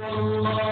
Allah.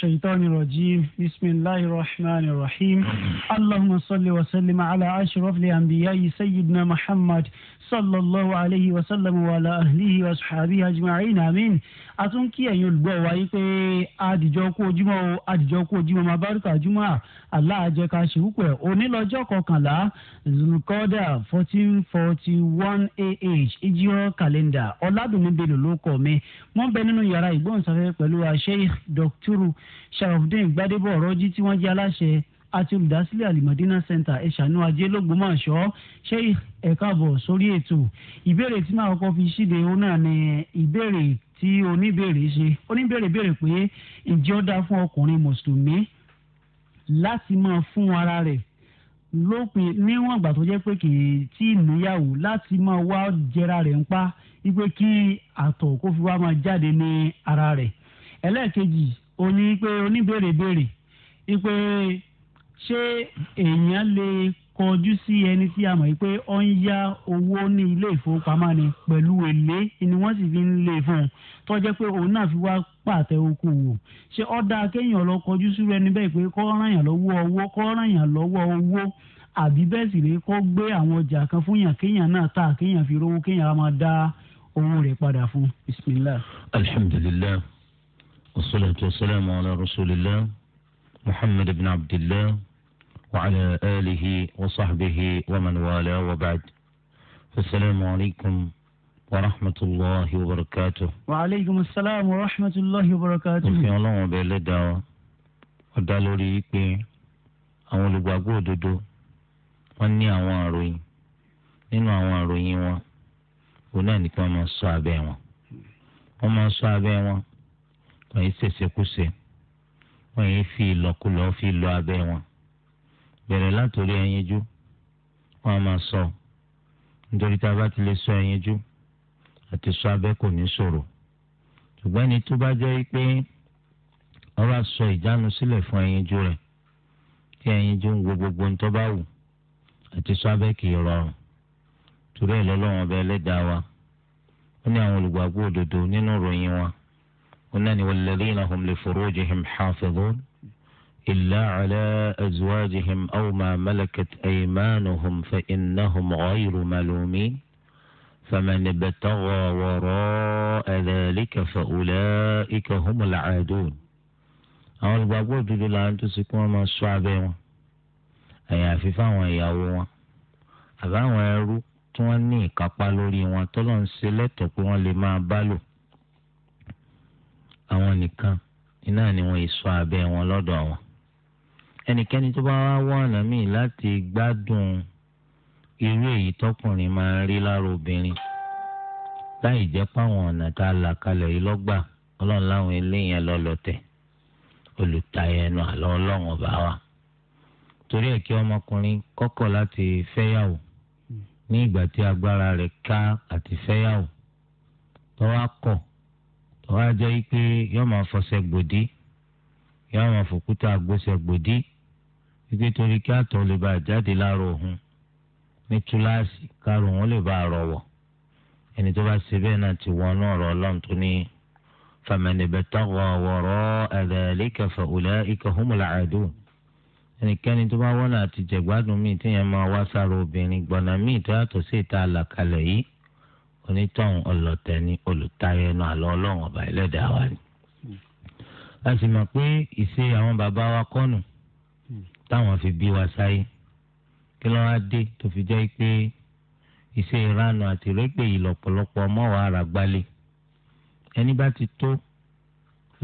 الشيطان الرجيم بسم الله الرحمن الرحيم اللهم صل وسلم على أشرف الأنبياء سيدنا محمد sallallahu alayhi wa sallam wa ala ahlihi wa sahbihi ajma'in amin a tún kí ẹ̀yin olùgbọ́ wa yí pé àdìjọ́ kú ojúmọ́ o àdìjọ́ kú ojúmọ́ ma bárúkà jùmọ́ à aláàjẹ ká ṣe wúpẹ́ onílọ́jọ́ kọkànlá zulukọ́dà fourteen forty one ah ìjírọ̀ kàlẹ́ndà ọ̀làdùnmí belò ló kọ̀ mi wọ́n bẹ nínú yàrá ìgbóhùnsáfẹ́fẹ́ pẹ̀lú Sheikh Dr. Sharafdin Gbadebo ọ̀rọ̀jì tí wọ́n jẹ́ aláṣẹ àti olùdásílẹ̀ alimadina center ẹ̀ṣánú ajé lọ́gbọ́mọ̀ṣọ́ ṣé ẹ̀ka bọ̀ sórí ètò ìbéèrè tí màá kọ́ fi ṣíde ó náà ni ìbéèrè tí oníbèrè ṣe oníbèrè béèrè pé ǹjẹ́ ó dáa fún ọkùnrin mùsùlùmí láti máa fún ara rẹ̀ lópin níwọ̀n ìgbà tó jẹ́ pé kì í tí níyàwó láti máa wá jẹra rẹ̀ ń pa wípé kí àtọ̀ kó fi wá máa jáde ní ara rẹ̀ ẹlẹ́ẹ̀kejì ó pé oníbèrè béèrè wípé ṣé èèyàn lè kọjú sí ẹni tí a mọ̀ pé ó ń yá owó ní ilé ìfowópamọ́ ni pẹ̀lú èlé ni wọ́n sì fi ń lè e fún un tó jẹ́ pé òun náà fi wá pàtẹ okòwò ṣé ó dáa kéèyàn lọ kọjú sírú ẹni bẹ́ẹ̀ pé kó ràn yàn lọ́wọ́ owó kó ràn yàn lọ́wọ́ owó àbí bẹ́ẹ̀ sì rèé kó gbé àwọn ọjà kan fún yàn kéèyàn náà tà kéèyàn fi rówó kéèyàn á máa dá owó rẹ̀ padà fún bisimilá. alhamdulillah wasalaatu wasalaamu ala rasulillah muhammad ibn abdillah. وعلى آله وصحبه ومن والاه وبعد فالسلام عليكم ورحمة الله وبركاته وعليكم السلام ورحمة الله وبركاته òfin ọlọ́run ọbẹ̀ ẹlẹ́dàá wa ó dá lórí pé àwọn olùgbàgbọ́ òdodo wọ́n ní àwọn àròyìn nínú àwọn àròyìn wọn òun náà nìkan máa ṣọ́ abẹ́ wọn wọ́n máa ṣọ́ abẹ́ wọn wọ́n yìí ṣèṣekúṣe wọ́n yìí fi ìlọ́kulọ́ fi lọ abẹ́ wọn bẹ̀rẹ̀ látòrí ẹyinjú wọn máa sọ nítorí tá a bá ti lè sọ ẹyinjú àti sọ abẹ́ kò ní ṣòro ṣùgbọ́n ẹni tó bá jẹ́ pé wọ́n bá sọ ìjánu sílẹ̀ fún ẹyinjú rẹ̀ ń wo gbogbo ń tọ́ bá wù àti sọ abẹ́ kì í rọrùn torí ẹ̀ lọ́lọ́wọ́n ọba ẹlẹ́dàá wa ó ní àwọn olùgbàgbọ́ òdodo nínú ìròyìn wa ó náà إلا على أزواجهم أو ما ملكت أيمانهم فإنهم غير ملومين فمن ابتغى وراء ذلك فأولئك هم العادون àwọn olùgbàgbọ́ òdodo làwọn tó sì kí wọ́n máa ṣọ́ abẹ́ wọn àyàfi fáwọn ìyàwó wọn àbáwọn ẹrú tí wọ́n ní ìkápá lórí wọn tọ́lọ́ ń ṣe lẹ́tọ̀ọ́ pé wọ́n lè máa bá lò àwọn nìkan iná ni wọ́n ìṣọ́ abẹ́ wọn lọ́dọ̀ wọn. ẹnikẹ́ni tó bá wá wọ ọ̀nà míì láti gbádùn irú èyí tọkùnrin máa ń rí lára obìnrin láì jẹ́ páwọn ọ̀nà tá a là kalẹ̀ yìí lọ́gbà ọlọ́run láwọn eléyìí lọ́lọ́tẹ̀ olùtayẹnu àlọ́ ọlọ́run ọba wa torí ẹ̀ kí ọmọkùnrin kọ́kọ́ láti fẹ́yàwó ní ìgbà tí agbára rẹ̀ ká àti fẹ́yàwó tọ́wá kọ̀ tọ́wá jẹ́ pé yọ́ọ́ máa fọṣẹ gbòdì yọ́ọ́ máa fòkúta gbọ́sẹ̀ gbòdì ibi torí kí àtọ̀ lè bá jáde lára òun ní túláàsì kárò wọn lè bá rọwọ́ ẹni tó bá ṣe bẹ́ẹ̀ náà ti wọnú ọ̀rọ̀ ọlọ́run tó ní famani bẹtọgọ wọrọ ẹdẹẹlẹkẹ fẹwulẹ ikẹ humula ẹdùn ẹnikẹ́ni tó bá wọnà àti jẹgbádùn míì téèyàn máa wá sára obìnrin gbọnà míì tó yàtọ̀ sí ìta àlàkalẹ̀ yìí onítọ̀hún ọlọ̀tẹ̀ ni olùtayọ ẹnu àlọ́ ọlọ́run ọba ẹlẹ́dàá wa ni. a mọ̀ pé ìṣe àwọn bàbá wa kọ́nù táwọn fi bí wa sáyé kí ló wá dé tó fi jẹ́ pé iṣẹ́ ìranu àti rẹ́pẹ̀ yìí lọ́pọ̀lọpọ̀ ọmọ wa ara gbalẹ̀ ẹni bá ti tó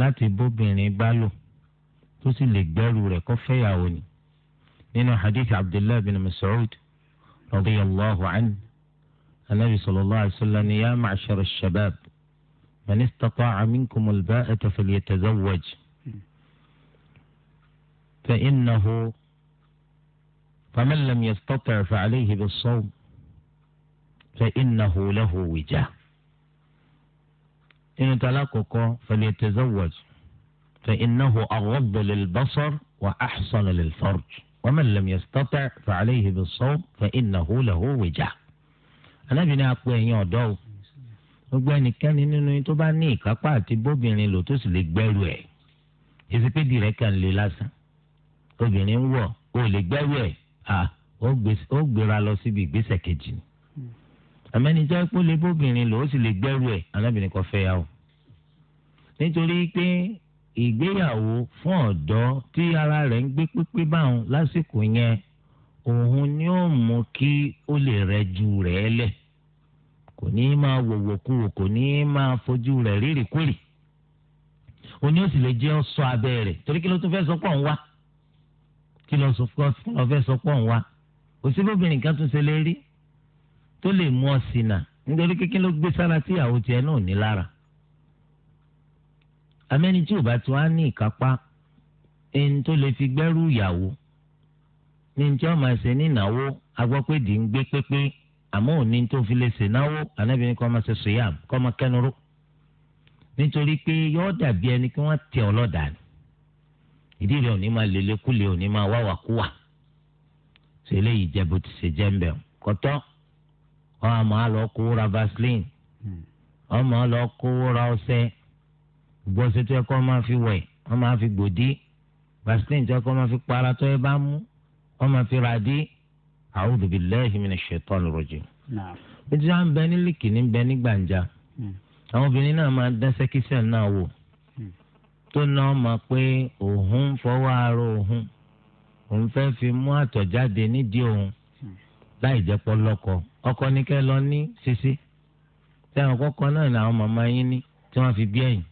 láti bóbìnrin bá lò tó sì lè gbẹ́rù rẹ̀ kó fẹ́yàwó ni nínú hadith abdullahi bin mas'ud radiyallahu anhu anabi sallallahu alayhi wa sallam ni ya ma'shar shabab man istata'a minkum al-ba'ata falyatazawwaj fa innahu. فمن لم يستطع فعليه بالصوم فإنه له وجاء إن تلاقك فليتزوج فإنه أغض للبصر وأحصن للفرج ومن لم يستطع فعليه بالصوم فإنه له وجاء أنا بني أقوى يوم gbogbo ẹnikẹ́ni nínú yín tó bá ní ìkápá àti bóbìnrin lò tó sì lè gbẹ́rù ẹ̀ èsì pé dìrẹ́kà ń lásán obìnrin ń wọ̀ ó lè gbẹ́rù ẹ̀ ó gbéra lọ síbi ìgbésẹ̀ kejì ni hmm. àmẹ́nijọ́ epo lè bóbìnrin lò ó sì lè gbẹ́rù ẹ̀ alábìnrin kan fẹ́ o nítorí pé ìgbéyàwó fún ọ̀dọ́ tí ara rẹ̀ ń gbé pípé báwọn lásìkò yẹn òun ni ó mú kí ó lè rẹjú rẹ̀ lẹ̀ kò ní máa wòwò kò ní máa fojú rẹ̀ rírì kúrì òun ni ó sì lè jẹ́ abẹ́ rẹ̀ torí kí ló tún fẹ́ kí lọ nwa lọ fẹ́ sọkọ ń kan tún ṣe lè rí tó lè mú ọ sínà nítorí kékeré ló gbé sára tí ìyàwó tiẹ̀ náà ní lára amẹni tí ò bá tún á ní ìkápá ẹni tó lè fi gbẹ́rù ìyàwó ní ní ń gbé pépé àmọ́ òní tó fi lè ṣe náwó kọ́ kọ́ nítorí ìdí rẹ̀ òní máa lélẹ̀ kúlẹ̀ òní máa wá wàkúwà ṣe eléyìí jẹ́ bó ti ṣe jẹ́ ń bẹ̀ kọ́tọ́ wọ́n á máa lọ kó ra vaseline hmm. wọ́n máa lọ kó ra ọṣẹ gbọ́sẹ̀ tó yẹ kó máa fi wẹ̀ wọ́n máa fi gbòdì vaseline tó yẹ kó máa fi para tó yẹ bá mú wọ́n máa fi ràdí a'udhu billahi minash shaitani rajim. ó ti sá ń bẹ ní líkì ní bẹ ní gbàǹjà hmm. àwọn obìnrin náà máa dán sẹ́kísẹ́ náà wò tó náà mọ̀ pé òun ń fọwọ́ ara òun òun fẹ́ fi mú àtọ̀jáde nídìí òun láì jẹ́ pọ́ lọ́kọ ọkọ ní kẹ́ lọ ní ṣíṣí sẹ́wọ̀n kọ́kọ́ náà ni àwọn màmá yín ní tí wọ́n fi bí ẹ̀yìn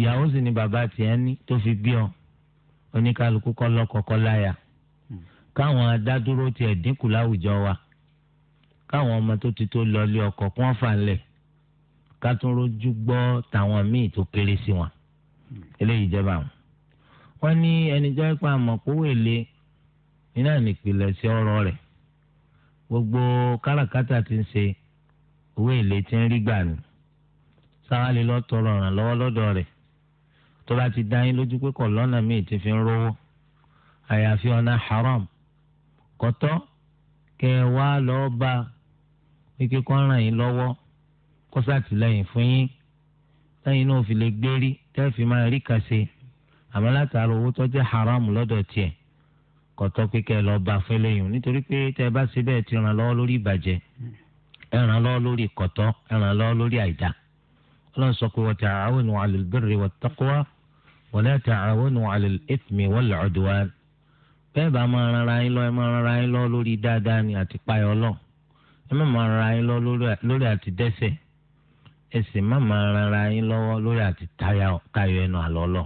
ìyàwó sì ni bàbá tiẹ̀ ní tó fi bí ọ oníkálukú kọ́ lọ́kọ kọ́ láyà káwọn adádúró tiẹ̀ dínkù láwùjọ wa káwọn ọmọ tó ti tó lọ lé ọkọ kí lẹ̀ ká tún rojú gbọ́ tàwọn míì tó kéré sí wọn eléyìí jẹba wọn ní ẹni jẹ́ pé àmọ́ kówó èlé iná nípìnlẹ̀ sí ọ̀rọ̀ rẹ̀ gbogbo káràkátà ti ń ṣe owó èlé ti ń rí gbà ní sáwálé lọ tọrọ ràn lọ́wọ́ lọ́dọ̀ rẹ̀ tó bá ti dá yín lójú pé kọ̀ lọ́nà míì ti fi ń rówó àyàfi ọ̀nà haram kọ́tọ́ kẹ́ ẹ wá lọ́ọ́ bá wípé kọ́ ràn yín lọ́wọ́ kó sàtìlẹ́yìn fún yín lẹ́yìn náà fi lè gbérí tẹ́ẹ̀fì máa rí kàṣe àmọ́ látara owó tó jẹ́ haram lọ́dọ̀ tiẹ̀ kò tọ́ pé kẹ́ ẹ lọ bá fún eléyìí nítorí pé tẹ́ ẹ bá ṣe bẹ́ẹ̀ ti ràn lọ́wọ́ lórí ìbàjẹ́ ẹ ràn lọ́wọ́ lórí kọ̀tọ́ ẹ ràn lọ́wọ́ lórí àìdá ọlọ́run sọ pé wa ta'awanu 'ala al-birri wat-taqwa wa la ta'awanu 'ala al-ithmi wal-'udwan ẹsìn má máa rara yín lọ́wọ́ lórí àti tayọ ẹnu àlọ́ lọ.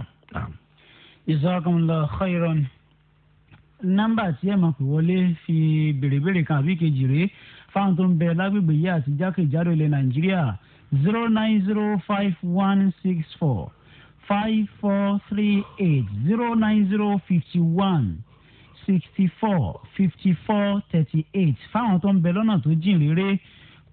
jazakumullahu khairan nọ́mbà tí ẹ máa pè wọlé fi bèrèbèrè kan àbí kejì rèé fáwọn tó ń bẹ lágbègbè yìí àti jákèjádò ilẹ̀ nàìjíríà zero nine zero five one six four five four three eight zero nine zero fifty one sixty four fifty four thirty eight fáwọn tó ń bẹ lọ́nà tó jìn réré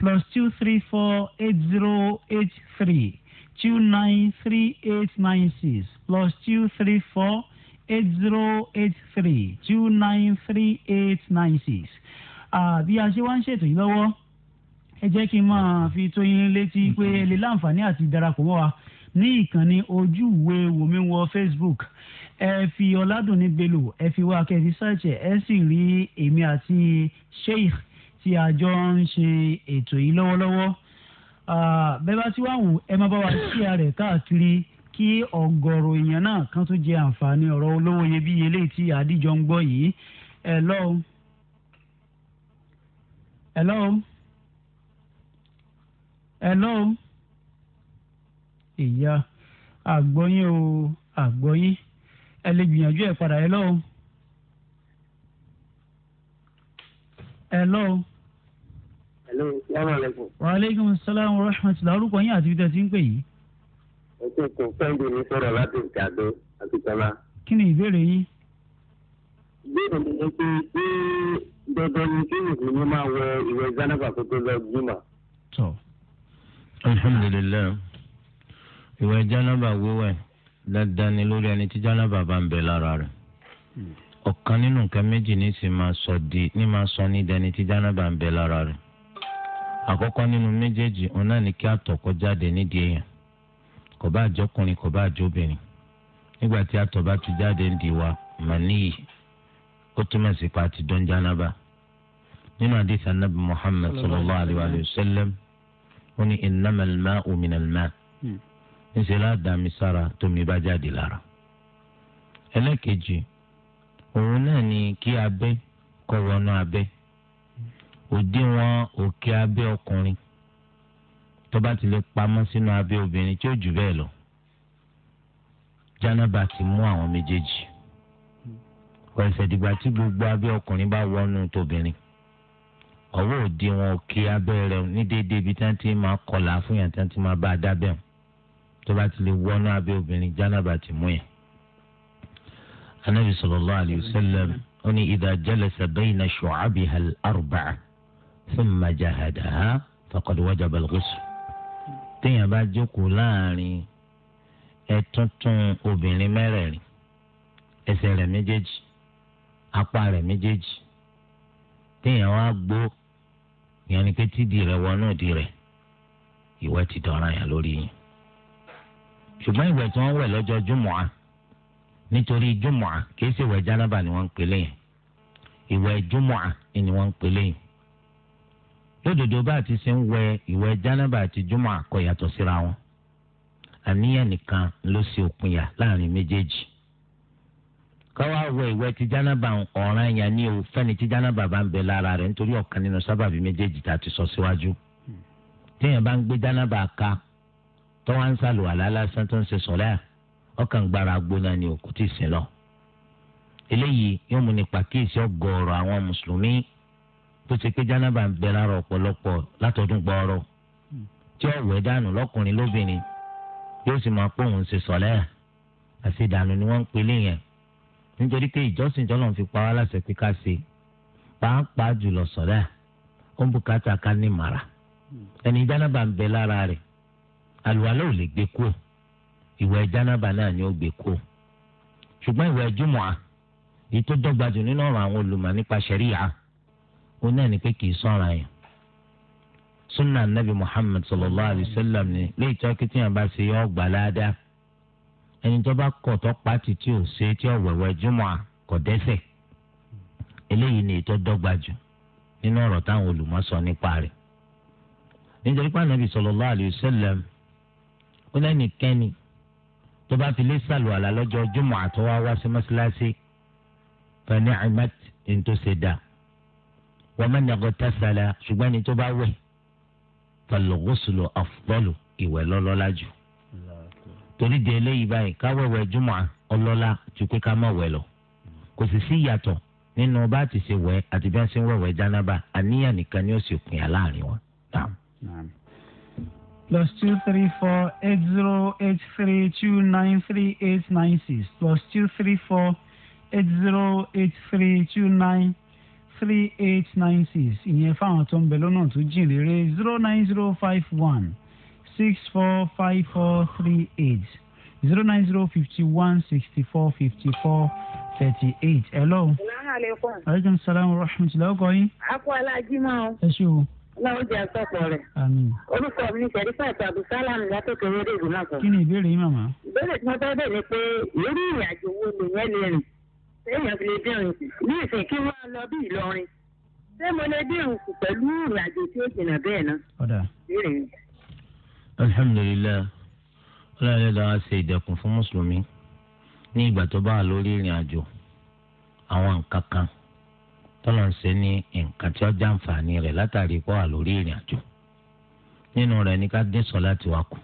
plus two three four eight zero eight three two nine three eight nine six plus two three four eight zero eight three two nine three eight nine six. bí a ṣe wá ń ṣètò yìí lọ́wọ́ ẹ jẹ́ kí n máa fi tó yín létí pé ẹ lè láǹfààní àti darapọ̀ mọ́ wa ní ìkànnì ojú ìwé wòmíwọ Facebook ẹ fi ọ̀làdùnní bello ẹ fi wá kẹ́ ẹ fi ṣáàṣẹ̀ ẹ sì rí èmi àti Sheikh tí a jọ ń ṣe ètò yìí lọ́wọ́lọ́wọ́ bẹ́ẹ̀ bá ti wá wù ẹ má bá wa ṣíà rẹ̀ káàkiri kí ọ̀gọ̀rọ̀ èèyàn náà kan tún jẹ àǹfààní ọ̀rọ̀ olówó iyebíye léyìí tí àdíjọ ń gbọ́ yìí ẹ lọ́wọ́ hello hello ìyá àgbọ́yìn o àgbọ́yìn ẹ lè gbìyànjú ẹ̀ padà hello. hello? waaleykum salaam wa rahmatulah orúkọ yín àti bíta ti ń pè yìí. ètò ìkó fẹ́ǹdì mi sọ̀rọ̀ láti ìjàdó àti tọ́lá. kí ni ìbéèrè yín. ìbéèrè mi ni pé ṣé dandan ni kí mùsùlùmí máa wọ ìwẹ̀ zanaba kó tó lọ jímọ̀. tọ alhamdulilayi ìwẹ̀ janaba wíwẹ̀ dandan ni lórí ẹni tí janaba bá ń bẹ lára rẹ̀ hmm. ọ̀kan nínú nǹkan méjì ní sì máa sọ ní dẹni tí janaba ń bẹ lára rẹ̀ àkọ́kọ́ nínú méjèèjì òun náà ní kí àtọ̀ kó jáde nídìí èèyàn kò bá àjọkùnrin kò bá àjọbìnrin nígbà tí àtọ̀ bá ti jáde nídìí wa màníyì ó túmọ̀ sí pa ti dán jánábà nínú àdìsí anábì muhammed sallallahu alayhi wa sallam ó ní innamal ma'u minal ma' hmm. níṣẹ́ ládàámi sára tómi bá jáde lára ẹlẹ́kejì òun náà ní kí abẹ́ kó wọnú abẹ́ òdiwọ̀n òkè abẹ́ ọkùnrin tó bá ti lè pamọ́ sínú abẹ́ obìnrin tí ó jù bẹ́ẹ̀ lọ jánábà ti mú àwọn méjèèjì ọ̀sẹ̀ dìgbà tí gbogbo abẹ́ ọkùnrin bá wọnú tóbìnrin ọwọ́ òdiwọ̀n òkè abẹ́ rẹ̀ ní déédéé ibi tí wọ́n ti máa kọlà fún yàn tí wọ́n ti máa bá a dábẹ́ wọn tó bá ti lè wọnú abẹ́ obìnrin jánábà ti mú yàn. anabi sallallahu alayhi wa ó ní idha jalasa bayna shu'abiha al-arba'a thumma jahadaha faqad wajaba al-ghusl téèyàn bá jókòó láàrin ẹtúntún obìnrin mẹ́rẹ̀ẹ̀rin ẹsẹ̀ rẹ̀ méjèèjì apá rẹ̀ méjèèjì téèyàn wá gbó ìyẹn ni pé tídì rẹ̀ wọnú ìdí rẹ̀ ìwẹ̀ ti dọ̀ràn yàn lórí yín ṣùgbọ́n ìwẹ̀ tí wọ́n wẹ̀ lọ́jọ́ jùmọ̀á nítorí jùmọ̀á kìí ṣe ìwẹ̀ jánábà ni wọ́n ń pè léyìn ìwẹ̀ jùmọ̀á ni wọ́n ń pè léyìn lódodo bá ti ṣe ń wẹ ìwẹ̀ jánábà àti jùmọ̀ àkọ́ síra wọn àníyàn nìkan ló ṣe òpinya láàrin méjèèjì káwá wẹ ti jánábà ọ̀ràn yẹn ní o fẹ́ni ti jánábà bá ń bẹ lára rẹ nítorí ọ̀kan nínú sábàbí méjèèjì tá a ti sọ síwájú téèyàn bá ń gbé jánábà ká tọ́wọ́ ń sàlùwàlá lásán tó ń ṣe ọkàn gbára gbóná ni òkú ti sìn lọ eléyìí yóò mú ní pàkíyèsí àwọn mùsùlùmí tó ṣe pé jánábà ń bẹ lára ọ̀pọ̀lọpọ̀ látọdún gbọ́ọ́rọ́ tí ó wẹ̀ dànù lọ́kùnrin lóbìnrin yóò sì máa pọ̀ òun ṣe sọ̀lẹ́ àti ìdànù ni wọ́n ń pelé yẹn nítorí pé ìjọsìn tí Ọlọ́run fi pa wá láṣẹ pé ká ṣe pàápàá jùlọ sọ̀lẹ́ à ó ń bùkátà ká ní màrà ẹni jánábà ń bẹ lára rẹ̀ àlùwalẹ́ ò lè gbé kú ìwẹ̀ jánábà náà ni ó gbé kú ṣùgbọ́n ìwẹ̀ jùmọ̀ à èyí tó nínú ọ̀rọ̀ àwọn olùmọ̀ nípa ṣẹ̀ríyà òun náà ní pé kì í sọ̀rọ̀ àyàn sunna nabi muhammad sallallahu alayhi wa sallam ni léyìí tó kí tíyàn bá ṣe yọ ọgbà ládàá ẹni tó bá kọ̀ tó pàtì tí ò ṣe tí ò wẹ̀wẹ̀ jùmọ̀ kò dẹ́ṣẹ̀ eléyìí ni ètò dọ́gba jù nínú ọ̀rọ̀ táwọn olùmọ̀ sọ nípa rẹ̀ nítorí pé anabi sallallahu alayhi wa sallam ó lẹ́nìkẹ́ni tó bá fi lé sàlùwàlà lọ́jọ́ jùmọ̀ àtọwá wá sí mọ́ṣáláṣí fẹ́ẹ́ ní àìmẹ́tì ní wa man ightasala ṣùgbọ́n ẹni tó bá wẹ̀ fal-ghuslu afdalu ìwẹ̀ lọ́lọ́lá jù torí di eléyìí báyìí káwẹ̀wẹ̀ jùmọ̀ ọlọ́lá ju pé ká má wẹ̀ lọ kò sì sí ìyàtọ̀ nínú bá ti ṣe wẹ̀ àti bí wọ́n ṣe ń wẹ̀wẹ̀ jánábà àníyàn nìkan ni ó sì pínyà láàrin wọn. plus two three four eight zero eight three two nine three eight nine six plus two three four eight zero eight three two nine three eight nine six ìyẹn fáwọn tó ń bẹ lọ́nà tó jìn rere zero nine zero five one six four five four three eight zero nine zero fifty one sixty four fifty four thirty eight. hello. salaamaleykum. aleykum salaam wa rahmatulah ọkọ yín. akọ alájí máa o. ẹ ṣé o. láwọn jẹ àtọkọ rẹ. àmín. orúkọ mi ni sẹrífà tàbí sálàmù látòkè wẹrẹ ìlú náà kan. kí ni ìbéèrè yín màmá. ìbéèrè tí wọn bá bẹ̀rẹ̀ pé irú ìrìnàjò wo lèyẹn lè rìn téèyàn fi lè dẹrùn kù ní ìsìn kí wọn lọ bí Ìlọrin ṣé mo lè dẹrùn kù pẹ̀lú ìrìn àjò tí ó jìnnà bẹ́ẹ̀ náà. ọ̀dà alhamdulilayi ọlọ́run ló wá ṣe ìdẹ̀kùn fún mùsùlùmí ní ìgbà tó bá wà lórí ìrìn àjò àwọn nǹkan kan tọ́lọ̀ ń ṣe ní nǹkan tí ó já àǹfààní rẹ̀ látàrí pọ́ wà lórí ìrìn àjò nínú rẹ̀ ní ká dín sọ láti wá kù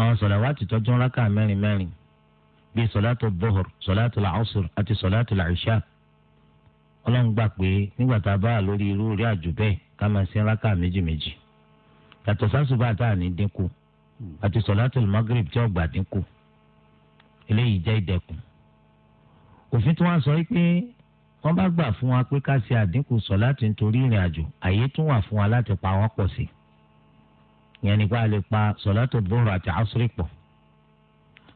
àwọn sọ̀rọ̀ wá ti tọ́jú rákà mẹ́rin mẹ́rin bíi sọláàtù bọ́hùr sọláàtù làásùr àti sọláàtù làìṣà ọlọ́run gbà pé nígbà tá a bá wà lórí irú orí àjò bẹ́ẹ̀ ká máa sin rákà méjì méjì yàtọ̀ sásùbà tá a ní dínkù àti sọláàtù magrib tí ọgbà dínkù eléyìí jẹ́ ìdẹ̀kùn òfin tí wọ́n sọ pé wọ́n bá gbà fún wa pé ká ṣe àdínkù sọláàtù nítorí ìrìn àjò àyè tún wà fún wa láti pa wọ́n pọ̀ sí ìyẹn nípa lè pa sọláàtù bọ́hùr àti àsùrì pọ̀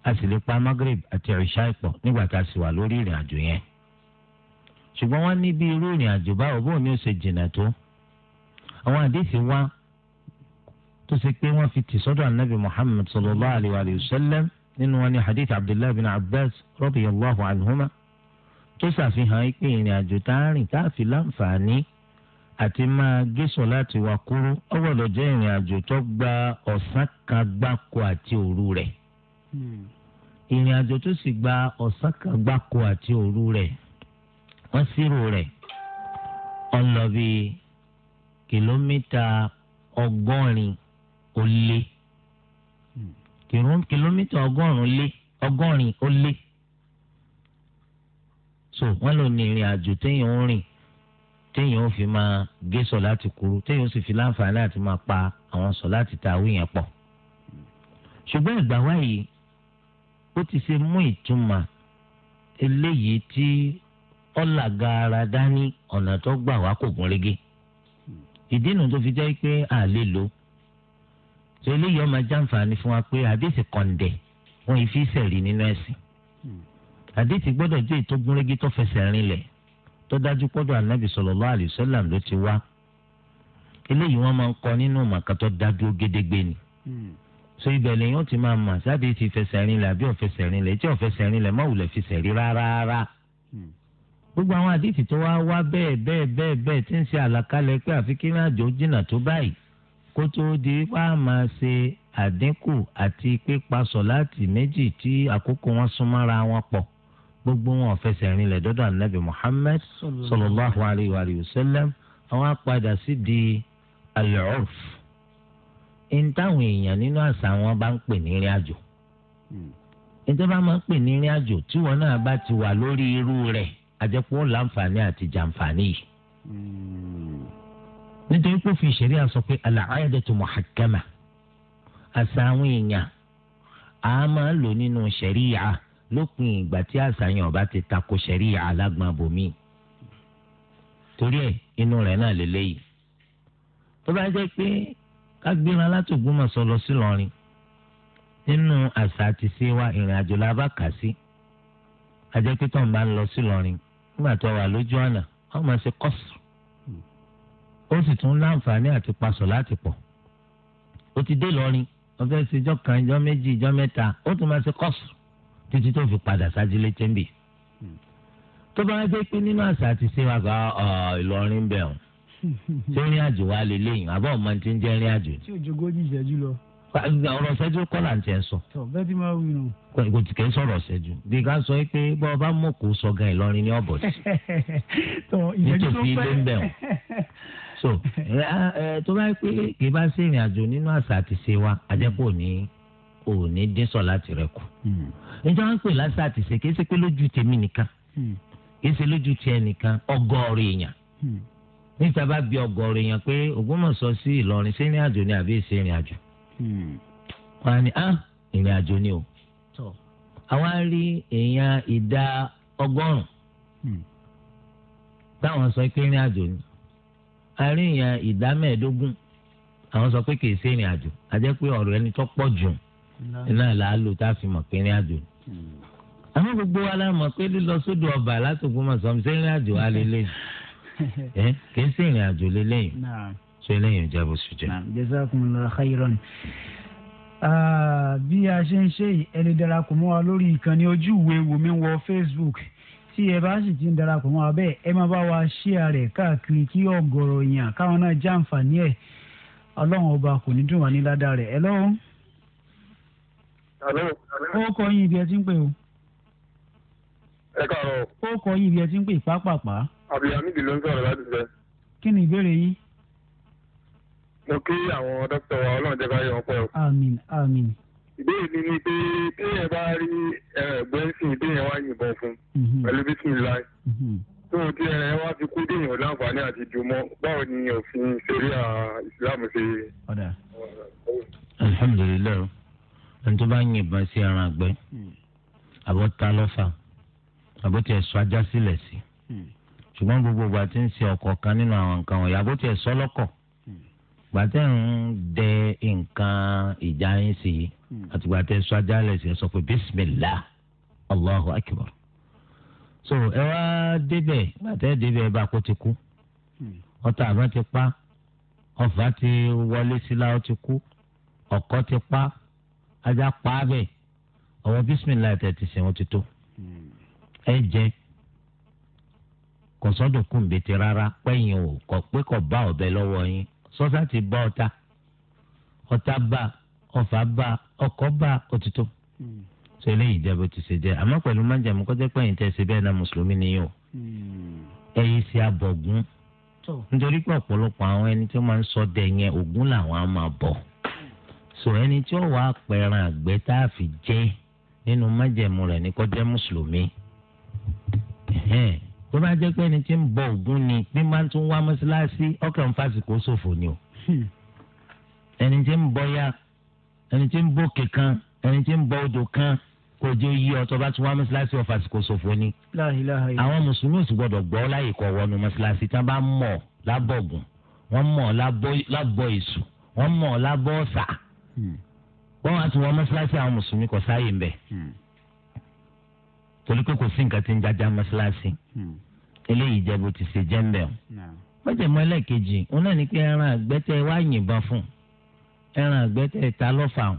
a sì lè pa magreb àti ìṣá ìpọ̀ nígbà tá a sì wà lórí ìrìn àjò yẹn ṣùgbọ́n wọ́n ní bí irú ìrìn àjò báwo bóun ni ó ṣe jìnnà tó àwọn àdéhìí wá tó ṣe pé wọ́n fi tì sọ́dọ̀ anabi muhammed sallallahu alayhi wa sallam nínú wọn ni hadith abdullahi bin abbas radiyallahu anhuma tó ṣàfihàn pé ìrìn àjò tá a rìn tá láǹfààní àti máa gẹ́sọ̀ láti wà kúrú ó jẹ́ ìrìn àjò tó gba ọ̀sán kan gbáko àti òru rẹ̀ Hmm. ìrìn àjò tó sì gba ọ̀sán kan gbáko àti òru rẹ̀ wọ́n ṣírò rẹ̀ ọ̀n lọ bí kìlómítà ọgọ́rin ó lé hmm. kìlómítà ọgọ́rùn-ún lé ọgọ́rin ó lé so wọ́n lò ní ìrìn àjò téèyàn ń rìn téèyàn ó fi máa gé sọ láti kúrú téèyàn ó sì fi láǹfààní àti máa pa àwọn sọ láti ta àwìn yẹn pọ̀ hmm. ṣùgbọ́n ìgbà wáyé o ti ṣe mú ìtumọ̀ eléyìí tí ọ̀làgàrà dání ọ̀nà tó gbà wá kò gún régé ìdí nu tó fi jẹ́ pé a lè lò tó eléyìí ọmọ jàǹfààní fún wa pé àdéhìí kọ̀ǹdẹ̀ wọn ìfi sẹ̀rí nínú ẹ̀sìn àdéhìí gbọ́dọ̀ jẹ́ ètò gún régé tó fẹsẹ̀ rinlẹ̀ tó dájú pọ́dọ̀ ló ti wá eléyìí máa kọ nínú dájú gédégbé ni. so ibẹ̀ lẹ́yìn ó ti máa mà sáde ti fẹsẹ̀ rin lẹ̀ àbí ọ̀fẹsẹ̀ rin lẹ̀ tí ọ̀fẹsẹ̀ rin lẹ̀ má wulẹ̀ fi sẹ̀rí rárá. Hmm. gbogbo àwọn àdìsí tó wá wá bẹ́ẹ̀ bẹ́ẹ̀ bẹ́ẹ̀ bẹ́ẹ̀ tí ń ṣe àlàkalẹ̀ pé àfi kí náà jò jìnnà tó báyìí kó tó di pé a máa ṣe àdínkù àti pípa sọ̀láàtì méjì tí àkókò wọn súnmọ́ra wọn pọ̀ gbogbo wọn ọ̀fẹsẹ̀ lẹ̀ dọ́dọ̀ ànábì Muhammad sallallahu alayhi wa sallam àwọn apàdà di al-urf ń táwọn èèyàn nínú àṣà wọn bá ń pè ní ìrìn àjò hmm. nítorí bá máa ń pè ní ìrìn àjò tí wọn náà bá ti wà lórí irú rẹ̀ àjẹpọ̀ láǹfààní àti jàǹfààní yìí hmm. nítorí pé òfin ìṣẹ̀rí àsọ pé al-'aadatu muhakkama àṣà àwọn èèyàn a máa lò nínú ṣẹ̀ríyà lópin ìgbà tí àṣàyàn bá ti tako ṣẹ̀ríyà alágbọ̀n bòmíì torí ẹ̀ inú rẹ̀ náà lélẹ́yìí tó bá jẹ́ pé kágbéra láti Ògbómọ̀ṣọ́ lọ sí lọrin nínú àṣà àti ṣe wa ìrìn àjò la bá kà sí ajẹ́pẹ́tọ̀ ń bá ń lọ sí lọrin nígbà tó wà lójú ọ̀nà wọ́n máa ṣe kọ́sù ó sì tún láǹfààní àti paṣọ láti pọ̀ ó ti dé lọrin wọ́n fẹ́ ṣe ijọ́ kan ijọ́ méjì ijọ́ mẹ́ta ó tún máa ṣe kọ́sù títí tó fi padà sájílé tẹ́ḿbì hmm. tó bá wá dé pé nínú àṣà àti ṣe wa gba Ìlọrin bẹ̀rùn sẹ́rìn àjò wa lè léyìn àbá ọ̀ma ti ń jẹ́ rìn àjò. tí òjòkó ní ìṣẹ́jú lọ. ọ̀rọ̀ ṣẹ́jú kọ́ là ń tẹ̀ sọ. bẹ́ẹ̀ ti máa kò tí kẹ́ sọ̀rọ̀ ṣẹ́jú bí ká sọ pé ọba sọ gan Ìlọrin ní ọ̀bọ̀ tí. ilé ń bẹ̀ wọ́n. tó bá pé kì í bá àjò nínú àṣà àti ṣe wa hmm. ní dín sọ láti rẹ kù. níjọ́ hmm. pè láṣà àti ṣe kì í ṣe pé lójú tèmi nìkan hmm. kì í ṣe ní sábà bí ọgọ́rùn èèyàn pé Ògbómọ̀ṣọ́ sí Ìlọrin ṣé ìrìn àjò ni àbí ìṣe ìrìn àjò hmm. wọn á ní á ah, ìrìn àjò ni o àwọn á rí èèyàn ìdá ọgọ́rùn hmm. táwọn sọ pé ìrìn àjò ni a rí èèyàn ìdá mẹ́ẹ̀ẹ́dógún àwọn sọ pé kìí ṣe ìrìn àjò a jẹ́ pé ọ̀rọ̀ ẹni tó pọ̀ jù náà là á lò tá a fi mọ̀ pé ìrìn àjò ni hmm. àwọn gbogbo wa pé lílọ sódò ọba látòkùnmọ̀ sọ̀mùsẹ́ ìrìn àjò wa lélẹ́yìn. Eh, kì í sí ìrìn àjò lélẹ́yìn ṣé lẹ́yìn ìjà bó ṣe jẹ́. Ah, bí a ṣe ń ṣe ẹni darapọ̀ mọ́ wa lórí ìkànnì ojú ìwé wòmí wọ Facebook tí ẹ bá sì ti ń darapọ̀ mọ́ wa bẹ́ẹ̀ ẹ máa bá wa share rẹ̀ káàkiri kí ọ̀gọ̀rọ̀ èèyàn káwọn náà jàǹfààní ẹ̀ ọlọ́run ọba kò ní dùn wá ní ládàá rẹ̀ ẹ lọ́wọ́ ó kọ yín ibi ẹ ti ń pè o. ẹ káàárọ̀. ó kọ yín ibi ẹ ti ń pè pápápá abdulhamid ló ń sọ̀rọ̀ láti fẹ́. kí ni ìbéèrè yín. mo kí àwọn dókítà wa ọlọ́run jẹ́ báyọ̀ ọ̀pọ̀. àmín àmín. ìbéèrè mi ni pé téèyàn bá rí gbẹ́nsìn téèyàn wá yìnbọn fún mhm. pẹ̀lú bísímìláì tó mhm. o tí ẹ wá fi kú déèyàn láǹfààní àti dùmọ́ báwo ni òfin ṣẹ̀ríà ìsìláàmù ṣe. alhamdulilayi ẹni tó bá yìnbọn sí ara àgbẹ̀ hmm. àbọ̀tá lọ́fà àbọ̀tí ẹ̀ sọ ajá sílẹ̀ sí i ṣùgbọ́n gbogbo ìgbà tí ń ṣe ọkọ̀ kan nínú àwọn nǹkan wọ̀nyí àbó tiẹ̀ sọ́lọ́kọ̀ gbàtẹ́ ń dẹ nǹkan ìjà yín sí i àti gbàtẹ́ sọ ajálẹ̀ sí ẹ sọ pé bísímìlá allahu akbar so ẹ wá débẹ̀ gbàtẹ́ débẹ̀ ẹ bá kó ti kú ọta àbá ti pa ọfà ti wọlé sílá ó ti kú ọkọ ti pa ajá pa á bẹ̀ ọwọ́ bísímìlá tẹ̀ ti sẹ́wọ́n ti tó ẹ jẹ́ kò sọ́dọ̀ kù ń rárá pẹ́yìn o kò pé kò bá ọ̀bẹ lọ́wọ́ yín sọ́sá ti bá ọta bá ọ̀fà bá ọkọ̀ bá òtítọ́ ṣe eléyìí jẹ́ bó ti ṣe jẹ́ àmọ́ pẹ̀lú májàmú kọ́jọ́ pẹ́yìn tẹ́ ṣe bẹ́ẹ̀ náà mùsùlùmí ni yóò ẹ̀yìn sí nítorí pé ọ̀pọ̀lọpọ̀ àwọn ẹni tí wọ́n máa ń sọ dẹ̀ yẹn fi jẹ́ nínú rẹ̀ ní bó bá jẹ́ pé ẹni tí ń bọ ògún ni bí máa ń tún wá mọ́ṣáláṣí ọkàn fásitì kò ṣòfò ni o ẹni tí ń bọ ya ẹni tí ń bọ kẹkan ẹni tí ń bọ odò kan kò jẹ́ yí ọtọ́ bá tún wá mọ́ṣáláṣí ọ̀fà àsìkò ṣòfò ni. àwọn mùsùlùmí ò sì gbọdọ̀ gbọ́ láyè kọ̀ wọnú mọ́ṣáláṣí tí wọ́n bá mọ̀ lábọ̀gùn wọ́n mọ̀ lábọ̀ èṣù wọ́n mọ̀ lábọ̀ ọ̀sà. Hmm. wọ́n wá tún wọ́n mọ́ṣáláṣí àwọn mùsùlùmí kọ̀ sáyè ń bẹ̀. Hmm torí pé kò sí nǹkan tí ń jájá mọ́ṣáláṣí hmm. eléyìí jẹ́ bó ti ṣe jẹ́ ń bẹ̀ ọ́. mọ́jẹ̀mọ́ ẹlẹ́ẹ̀kejì òun náà ni pé ẹran àgbẹ̀tẹ̀ wá yìnbọn fún ẹran àgbẹ̀tẹ̀ ta lọ́fà ọ́n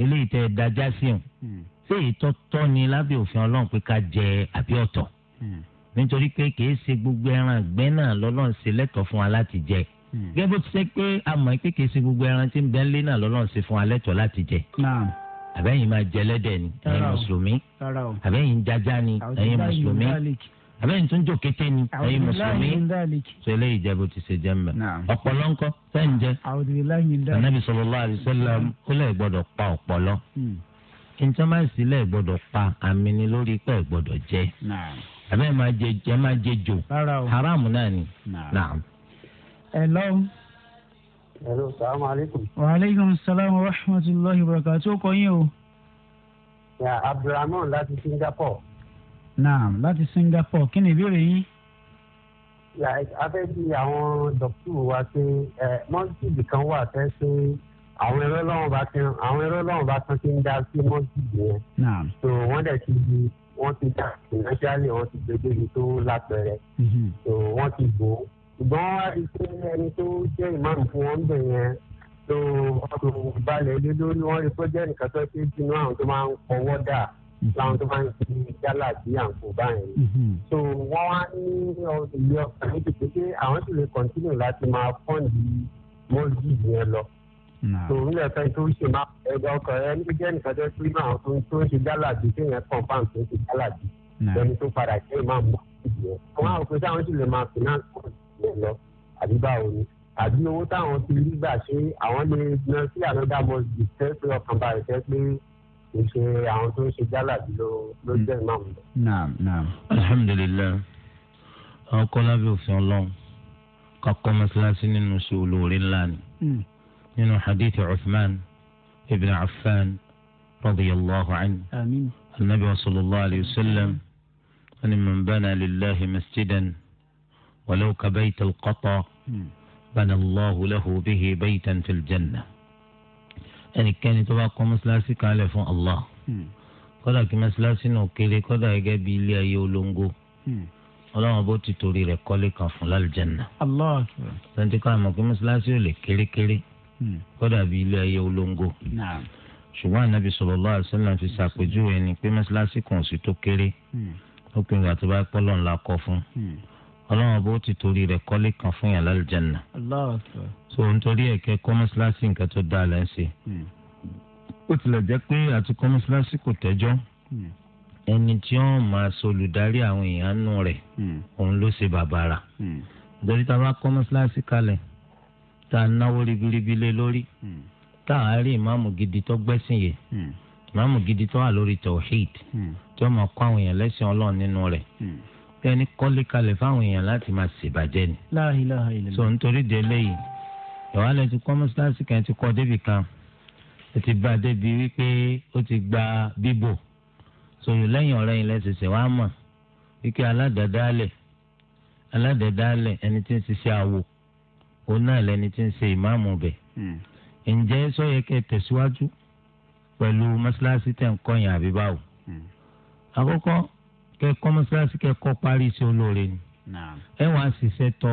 eléyìí tẹ́ ẹ dájá sí ọ́n hmm. ṣé ìtọ́tọ́ ni lábẹ́ òfin ọlọ́run pé ká jẹ àbí ọ̀tọ̀ hmm. nítorí pé kì ṣe gbogbo ẹran àgbẹ̀ náà lọ́lọ́run ṣe lẹ́tọ̀ọ́ fún wa láti jẹ gẹ́gẹ́ bó ti ṣe pé a mọ̀ pé kì ṣe gbogbo ẹran tí ń bẹ́ńlé náà lọ́lọ́run ṣe fún wa lẹ́tọ̀ọ́ láti jẹ. Naam àbẹ́yìn máa jẹ ẹlẹ́dẹ̀ ni ẹ̀yin mùsùlùmí àbẹ́yìn jájá ni ẹ̀yin mùsùlùmí àbẹ́yìn tún jò kété ni ẹ̀yin mùsùlùmí sọ eléyìí jẹ́ bó ti ṣe jẹ́ mbẹ́ ọ̀pọ̀lọ́ ńkọ́ sẹ́yìn jẹ́ ànábì sallallahu alaihi wasallam ó lè gbọ́dọ̀ pa ọ̀pọ̀lọ́ hmm. nǹkan máa sì lè gbọ́dọ̀ pa àmì lórí pé gbọ́dọ̀ jẹ́ àbẹ́yìn máa jẹ jẹ́ máa jẹ jò haram náà ni. ẹ lọ́wọ́ hello salamu alaykum. wa aleykum salaam wa rahmatulahi wa barakatuh o kọ yín o. ya abdulrahman láti singapore. naam láti singapore kí ni ìbéèrè yín. ya afẹ́ bí àwọn dọ́kítù wa ṣe ẹ mọ́sídìí kan wà fẹ́ ṣe àwọn ẹ̀rọ lọ́wọ́ bá tán àwọn ẹ̀rọ lọ́wọ́ bá tán ti ń dá sí mọ́sídìí yẹn. naam so wọ́n dẹ̀ ti di wọ́n ti dá financially wọ́n ti gbẹdẹ́gbẹ tó lápẹ̀rẹ̀ mhm. so wọ́n ti bò ó ṣùgbọ́n iṣẹ́ ẹni tó jẹ́ ìmọ̀ràn fún wọn bẹ̀ yẹn tó ọkùnrin balẹ̀ lé lórí wọn rí pé jẹ́ nìkan tó ṣe é sínú àwọn tó máa ń pọwọ́ dà mhm. láwọn tó máa ń fi yálà sí àǹkó báyìí. Mhm. so wọ́n wá ní ilé ọkàn ní pípé pé àwọn sì lè kọ́ntínú láti máa fọ́ǹdì mọ́ọ̀lì yẹn lọ. so nílẹ̀ fẹ́ tó ṣe máa ẹgbẹ́ ọkọ̀ ẹ ní jẹ́ nìkan tó ṣe máa tó ń ṣe yálà sí kéèyàn kọ̀ǹpá tó ń ṣe yálà sí ẹni tó padà jẹ́ ìmáàmù ìyẹn. wọ́n á rò bẹ́ẹ̀ lọ àbí báwo ni àbí owó táwọn ti rí gbà ṣé àwọn lè ná sí ànádà mọ́sí tẹ́ pé ọkàn balẹ̀ tẹ́ pé kì ṣe àwọn tó ń ṣe jálà bí ló hmm. jẹ́ ìmọ̀ mi. naam naam alhamdulilayi àwọn kọ́ lábẹ́ òfin ọlọ́run ká kọ́ mọ́sálásí nínú sí olóore ńlá ni hmm. nínú hadith uthman ibn affan radiyallahu anhu anabi wa sallallahu alayhi wa sallam ani man bana lillahi masjidan. ولو كبيت القطى hmm. بنى الله له به بيتا في الجنة hmm. hmm. يعني كان تبقى مسلاسي قال فون الله kódà kí mẹsàlásì náà kéré kódà gẹ́gẹ́ bí ilé ayé olóńgó ọlọ́run bó ti torí rẹ̀ kọ́lé kan fún lálùjáná. sẹ́ńtì kan àmọ́ kí mẹsàlásì ò lè kéré kéré kódà bí ilé ayé olóńgó. ṣùgbọ́n ànábì sallallahu alaihi wasallam fi ṣàpèjúwe ni pé mẹsàlásì kan ò sí tó kéré ó pinnu àti bá pọ́lọ́n la kọ́ fún ọlọ́run bó ti torí rẹ̀ kọ́lé kan fún yàn lálùjáná. so nítorí ẹ̀kẹ́ kọ́mọ́síláṣí nǹkan tó dáa lẹ́ ń ṣe. Hmm. ó tilẹ̀ jẹ́ pé àti kọ́mọ́síláṣí kò tẹ́jọ́ hmm. ẹni tí wọ́n máa solùdarí àwọn èèyàn nù rẹ̀ hmm. òun ló ṣe bàbàrà. nítorí tá a bá kọ́mọ́síláṣí kalẹ̀ tá a náwó ribiribi lé lórí tá a rí ìmáàmù gidi tó gbẹ́sìn yẹ ìmáàmù gidi tó wà lórí tawhid tí wọ́n máa kọ́ àwọn èèyàn lẹ́sìn tẹni kọ́lé kalẹ̀ fáwọn èèyàn láti máa ṣèbàjẹ́ ni. La ilaha illallah. sọ nítorí de eléyìí ìwà lẹ ti kọ́ mọ́sálásí kan ti kọ́ débi kan ẹ ti bá a débi wípé ó ti gba bíbò sọyún lẹ́yìn ọ̀rẹ́ yìí lẹ́sẹsẹ wàá mọ̀ wípé aládàdálẹ̀ aládàdálẹ̀ ẹni tí ń ṣiṣẹ́ àwò òun náà lẹni tí ń ṣe ìmáàmù bẹ̀. Hmm. ǹjẹ́ sọ́yẹ kẹ́ tẹ̀síwájú pẹ̀lú mọ́sálásí tẹ̀ ń kọ́ yẹn hmm. àkọ́kọ́ kẹ kọ́ mọ́sálásí kẹ kọ́ parí sí olóore ni ẹ wàá ṣiṣẹ́ tọ